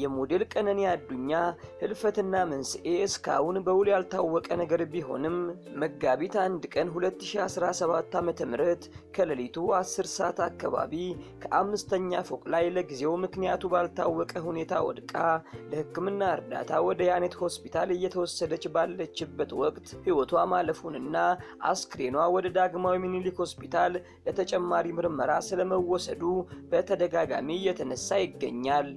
የሞዴል ቀነኒ አዱኛ ህልፈትና መንስኤ እስካሁን በውል ያልታወቀ ነገር ቢሆንም መጋቢት አንድ ቀን 2017 ዓ.ም ከሌሊቱ 10 ሰዓት አካባቢ ከአምስተኛ ፎቅ ላይ ለጊዜው ምክንያቱ ባልታወቀ ሁኔታ ወድቃ ለሕክምና እርዳታ ወደ ያኔት ሆስፒታል እየተወሰደች ባለችበት ወቅት ሕይወቷ ማለፉንና አስክሬኗ ወደ ዳግማዊ ሚኒሊክ ሆስፒታል ለተጨማሪ ምርመራ ስለመወሰዱ በተደጋጋሚ እየተነሳ ይገኛል።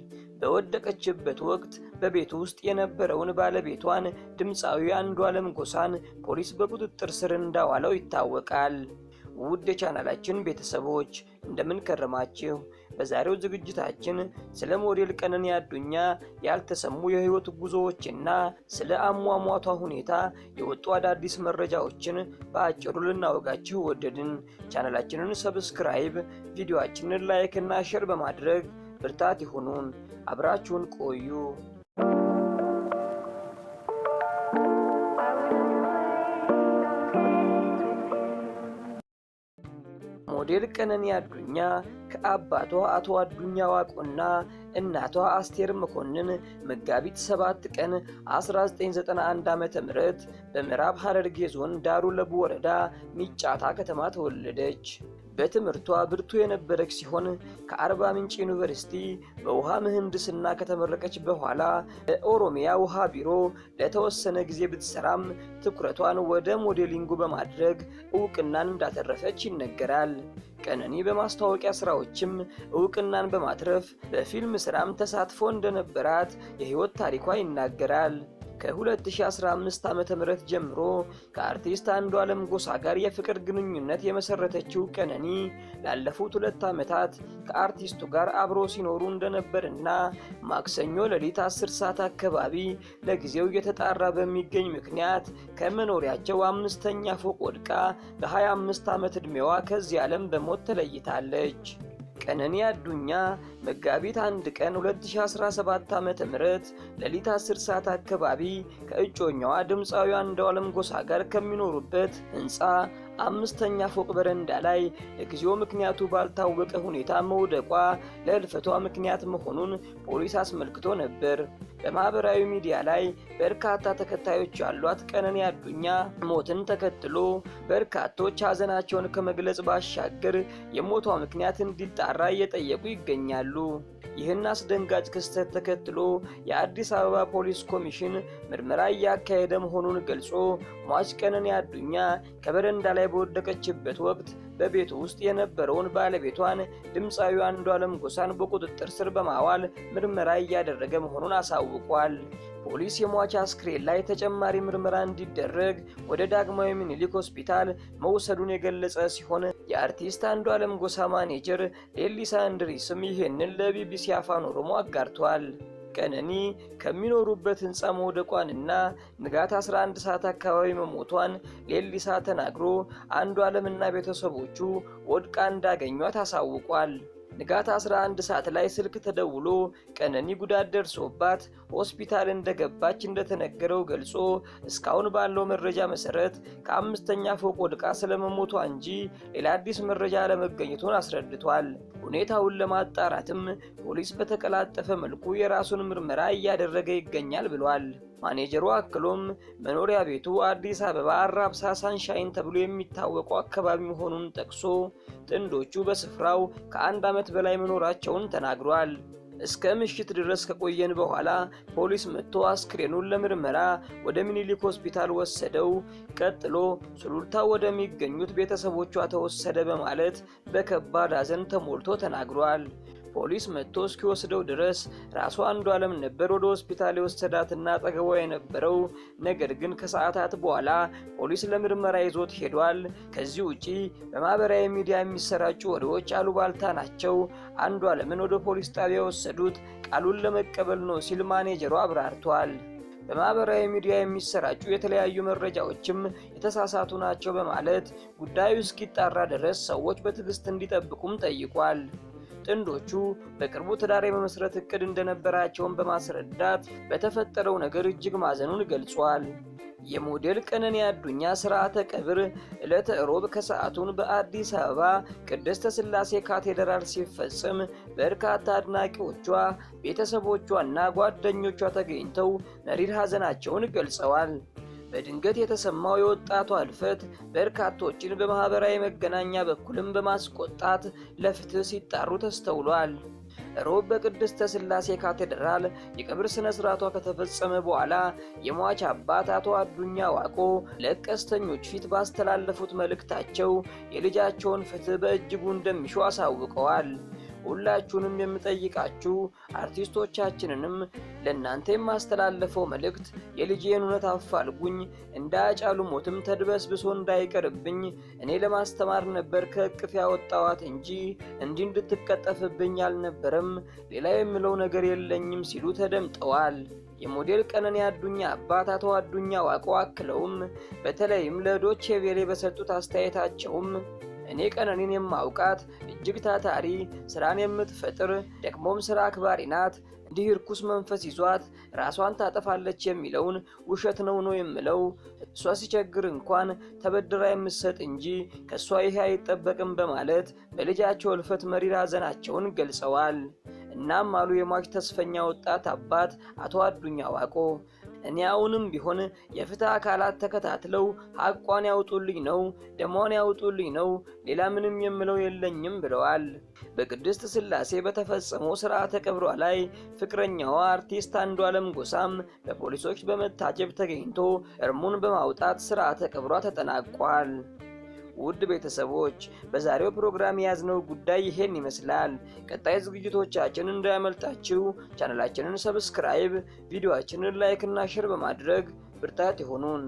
በወደቀችበት ወቅት በቤቱ ውስጥ የነበረውን ባለቤቷን ድምፃዊ አንዷለም ጎሳን ፖሊስ በቁጥጥር ስር እንዳዋለው ይታወቃል። ውድ የቻናላችን ቤተሰቦች እንደምን ከረማችሁ? በዛሬው ዝግጅታችን ስለ ሞዴል ቀነኒ አዱኛ ያልተሰሙ የህይወት ጉዞዎችና ስለ አሟሟቷ ሁኔታ የወጡ አዳዲስ መረጃዎችን በአጭሩ ልናወጋችሁ ወደድን። ቻናላችንን ሰብስክራይብ፣ ቪዲዮአችንን ላይክ እና ሼር በማድረግ ብርታት ይሁኑን። አብራችሁን ቆዩ። ሞዴል ቀነኒ አዱኛ ከአባቷ አቶ አዱኛ ዋቆና እናቷ አስቴር መኮንን መጋቢት 7 ቀን 1991 ም በምዕራብ ሐረርጌ ዞን ዳሩ ለቡ ወረዳ ሚጫታ ከተማ ተወለደች። በትምህርቷ ብርቱ የነበረች ሲሆን ከአርባ ምንጭ ዩኒቨርሲቲ በውሃ ምህንድስና ከተመረቀች በኋላ በኦሮሚያ ውሃ ቢሮ ለተወሰነ ጊዜ ብትሰራም ትኩረቷን ወደ ሞዴሊንጉ በማድረግ እውቅናን እንዳተረፈች ይነገራል። ቀነኒ በማስታወቂያ ስራዎችም እውቅናን በማትረፍ በፊልም ስራም ተሳትፎ እንደነበራት የህይወት ታሪኳ ይናገራል። ከ2015 ዓ ም ጀምሮ ከአርቲስት አንዱ ዓለም ጎሳ ጋር የፍቅር ግንኙነት የመሰረተችው ቀነኒ ላለፉት ሁለት ዓመታት ከአርቲስቱ ጋር አብሮ ሲኖሩ እንደነበርና ማክሰኞ ሌሊት 10 ሰዓት አካባቢ ለጊዜው እየተጣራ በሚገኝ ምክንያት ከመኖሪያቸው አምስተኛ ፎቅ ወድቃ በ25 ዓመት ዕድሜዋ ከዚህ ዓለም በሞት ተለይታለች። ቀነኒ አዱኛ መጋቢት አንድ ቀን 2017 ዓ.ም ሌሊት 10 ሰዓት አካባቢ ከእጮኛዋ ድምፃዊ አንዷለም ጎሳ ጋር ከሚኖሩበት ህንፃ አምስተኛ ፎቅ በረንዳ ላይ ለጊዜው ምክንያቱ ባልታወቀ ሁኔታ መውደቋ ለህልፈቷ ምክንያት መሆኑን ፖሊስ አስመልክቶ ነበር። በማህበራዊ ሚዲያ ላይ በርካታ ተከታዮች ያሏት ቀነኒ አዱኛ ሞትን ተከትሎ በርካቶች ሀዘናቸውን ከመግለጽ ባሻገር የሞቷ ምክንያት እንዲጣራ እየጠየቁ ይገኛሉ። ይህን አስደንጋጭ ክስተት ተከትሎ የአዲስ አበባ ፖሊስ ኮሚሽን ምርመራ እያካሄደ መሆኑን ገልጾ ሟች ቀነኒ አዱኛ ከበረንዳ ላይ በወደቀችበት ወቅት በቤቱ ውስጥ የነበረውን ባለቤቷን ድምፃዊ አንዷለም ጎሳን በቁጥጥር ስር በማዋል ምርመራ እያደረገ መሆኑን አሳውቋል። ፖሊስ የሟች አስክሬን ላይ ተጨማሪ ምርመራ እንዲደረግ ወደ ዳግማዊ ምኒልክ ሆስፒታል መውሰዱን የገለጸ ሲሆን የአርቲስት አንዱ ዓለም ጎሳ ማኔጀር ሌሊሳ እንድሪስም ይህንን ለቢቢሲ አፋን ኦሮሞ አጋርቷል። ቀነኒ ከሚኖሩበት ህንፃ መውደቋንና ንጋት 11 ሰዓት አካባቢ መሞቷን ሌሊሳ ተናግሮ አንዱ ዓለምና ቤተሰቦቹ ወድቃ እንዳገኟት አሳውቋል። ንጋት 11 ሰዓት ላይ ስልክ ተደውሎ ቀነኒ ጉዳት ደርሶባት ሆስፒታል እንደገባች እንደተነገረው ገልጾ እስካሁን ባለው መረጃ መሰረት ከአምስተኛ ፎቅ ወድቃ ስለመሞቷ እንጂ ሌላ አዲስ መረጃ አለመገኘቱን አስረድቷል። ሁኔታውን ለማጣራትም ፖሊስ በተቀላጠፈ መልኩ የራሱን ምርመራ እያደረገ ይገኛል ብሏል። ማኔጀሩ አክሎም መኖሪያ ቤቱ አዲስ አበባ አራብሳ ሳንሻይን ተብሎ የሚታወቀው አካባቢ መሆኑን ጠቅሶ ጥንዶቹ በስፍራው ከአንድ ዓመት በላይ መኖራቸውን ተናግሯል። እስከ ምሽት ድረስ ከቆየን በኋላ ፖሊስ መጥቶ አስክሬኑን ለምርመራ ወደ ሚኒሊክ ሆስፒታል ወሰደው። ቀጥሎ ሱሉልታ ወደሚገኙት ቤተሰቦቿ ተወሰደ በማለት በከባድ ሐዘን ተሞልቶ ተናግሯል። ፖሊስ መጥቶ እስኪወስደው ድረስ ራሱ አንዱ ዓለም ነበር ወደ ሆስፒታል የወሰዳትና ጠገቧ የነበረው። ነገር ግን ከሰዓታት በኋላ ፖሊስ ለምርመራ ይዞት ሄዷል። ከዚህ ውጪ በማህበራዊ ሚዲያ የሚሰራጩ ወሬዎች አሉባልታ ናቸው። አንዱ ዓለምን ወደ ፖሊስ ጣቢያ የወሰዱት ቃሉን ለመቀበል ነው ሲል ማኔጀሩ አብራርቷል። በማህበራዊ ሚዲያ የሚሰራጩ የተለያዩ መረጃዎችም የተሳሳቱ ናቸው በማለት ጉዳዩ እስኪጣራ ድረስ ሰዎች በትዕግስት እንዲጠብቁም ጠይቋል። ጥንዶቹ በቅርቡ ትዳር የመመስረት እቅድ እንደነበራቸውን በማስረዳት በተፈጠረው ነገር እጅግ ማዘኑን ገልጿል። የሞዴል ቀነኒ አዱኛ ስርዓተ ቀብር ዕለተ ሮብ ከሰዓቱን በአዲስ አበባ ቅድስተ ሥላሴ ካቴድራል ሲፈጽም በርካታ አድናቂዎቿ፣ ቤተሰቦቿና ጓደኞቿ ተገኝተው መሪር ሐዘናቸውን ገልጸዋል። በድንገት የተሰማው የወጣቷ አልፈት በርካቶችን በማኅበራዊ መገናኛ በኩልም በማስቆጣት ለፍትህ ሲጣሩ ተስተውሏል። ሮብ በቅድስተ ሥላሴ ካቴድራል የቀብር ሥነ ሥርዓቷ ከተፈጸመ በኋላ የሟች አባት አቶ አዱኛ ዋቆ ለቀስተኞች ፊት ባስተላለፉት መልእክታቸው የልጃቸውን ፍትህ በእጅጉ እንደሚሹ አሳውቀዋል። ሁላችሁንም የምጠይቃችሁ አርቲስቶቻችንንም ለእናንተ የማስተላለፈው መልእክት የልጄን እውነት አፋልጉኝ፣ እንዳያጫሉ ሞትም ተድበስብሶ እንዳይቀርብኝ እኔ ለማስተማር ነበር ከእቅፍ ያወጣዋት እንጂ እንዲህ እንድትቀጠፍብኝ አልነበረም። ሌላ የምለው ነገር የለኝም ሲሉ ተደምጠዋል። የሞዴል ቀነኒ አዱኛ አባት አቶ አዱኛ ዋቆ አክለውም በተለይም ለዶቼ ቬሌ በሰጡት አስተያየታቸውም እኔ ቀነኒን የማውቃት እጅግ ታታሪ ስራን የምትፈጥር ደግሞም ስራ አክባሪ ናት። እንዲህ እርኩስ መንፈስ ይዟት ራሷን ታጠፋለች የሚለውን ውሸት ነው ነው የምለው። እሷ ሲቸግር እንኳን ተበድራ የምትሰጥ እንጂ ከእሷ ይሄ አይጠበቅም በማለት በልጃቸው እልፈት መሪር ሐዘናቸውን ገልጸዋል። እናም አሉ የሟች ተስፈኛ ወጣት አባት አቶ አዱኛ ዋቆ እኔ አሁንም ቢሆን የፍትህ አካላት ተከታትለው ሐቋን ያውጡልኝ ነው፣ ደሟን ያውጡልኝ ነው፣ ሌላ ምንም የምለው የለኝም ብለዋል። በቅድስት ስላሴ በተፈጸመው ስርዓተ ቀብሯ ላይ ፍቅረኛዋ አርቲስት አንዷለም ጎሳም በፖሊሶች በመታጀብ ተገኝቶ እርሙን በማውጣት ስርዓተ ቀብሯ ተጠናቋል። ውድ ቤተሰቦች በዛሬው ፕሮግራም የያዝነው ጉዳይ ይሄን ይመስላል። ቀጣይ ዝግጅቶቻችን እንዳያመልጣችሁ ቻናላችንን ሰብስክራይብ፣ ቪዲዮችንን ላይክ እና ሼር በማድረግ ብርታት ይሆኑን።